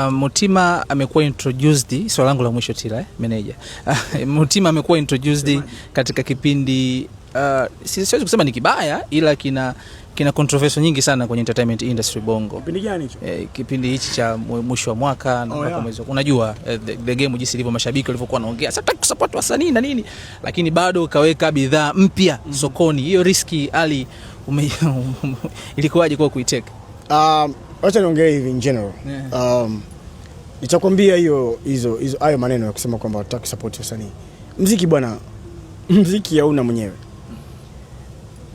Um, Mutima amekuwa introduced, swali langu la mwisho Tila, eh, meneja Mutima amekuwa introduced katika kipindi uh, siwezi kusema ni kibaya, ila kina kina controversy nyingi sana kwenye entertainment industry Bongo. Kipindi gani hicho? Eh, kipindi hichi cha mwisho wa mwaka na oh, mwaka Mwezi unajua eh, the, the game jinsi ilivyo, mashabiki walivyokuwa wanaongea sasa support wasanii na nini, lakini bado ukaweka bidhaa mpya mm -hmm. sokoni. Hiyo riski ali ilikuwaje kwa kuiteka? Um, Wacha niongee hivi in general. Yeah. Um, nitakwambia hiyo hizo hizo hayo maneno ya kusema kwamba hatutaki support wasanii. Mziki bwana, mziki hauna mwenyewe.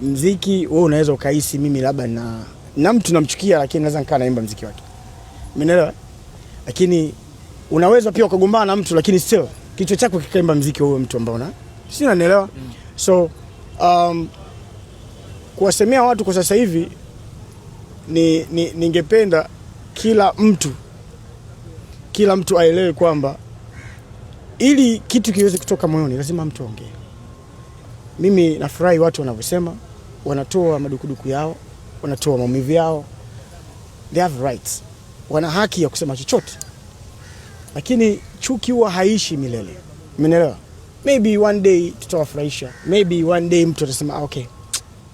Mziki wewe unaweza ukahisi mimi labda na na mtu namchukia, lakini naweza nikaa naimba mziki wake. Umeelewa? Lakini unaweza pia ukagombana na mtu lakini still kichwa chako kikaimba mziki wa huyo mtu ambao una si unanielewa? Mm. So um, kuwasemea watu kwa sasa hivi ni, ni, ningependa kila mtu kila mtu aelewe kwamba ili kitu kiweze kutoka moyoni lazima mtu aongee. Mimi nafurahi watu wanavyosema, wanatoa madukuduku yao, wanatoa maumivu yao, they have rights, wana haki ya kusema chochote, lakini chuki huwa haishi milele. Umeelewa? Maybe one day tutawafurahisha, maybe one day mtu atasema ah, okay,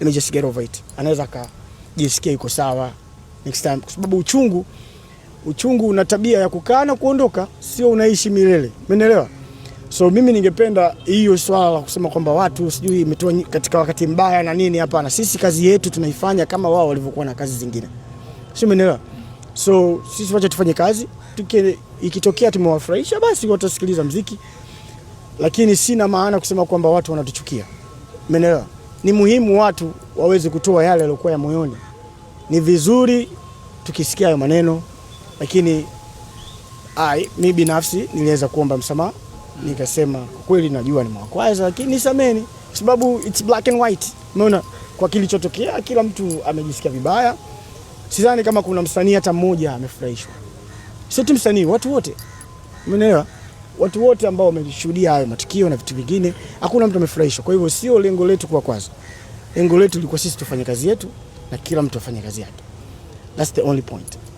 let me just get over it, anaweza jisikia iko sawa next time, kwa sababu uchungu uchungu una tabia ya kukaa na kuondoka, sio unaishi milele, umeelewa? So mimi ningependa hiyo swala la kusema kwamba watu sijui imetoa katika wakati mbaya na nini, hapana. Sisi kazi yetu tunaifanya kama wao walivyokuwa na kazi zingine, sio, umeelewa? So sisi wacha tufanye kazi, ikitokea tumewafurahisha basi watasikiliza mziki, lakini sina maana kusema kwamba watu wanatuchukia, umeelewa? ni muhimu watu waweze kutoa yale yaliokuwa ya moyoni. Ni vizuri tukisikia hayo maneno, lakini ah, mi binafsi niliweza kuomba msamaha, nikasema kwa kweli najua nimewakwaza, lakini nisameni, kwa sababu it's black and white. Umeona kwa kilichotokea, kila mtu amejisikia vibaya. Sidhani kama kuna msanii hata mmoja amefurahishwa, sio tu msanii, watu wote, umeelewa? watu wote ambao wameshuhudia hayo matukio na vitu vingine, hakuna mtu amefurahishwa. Kwa hivyo sio lengo letu kwa kwazo, lengo letu ilikuwa sisi tufanye kazi yetu na kila mtu afanye kazi yake. That's the only point.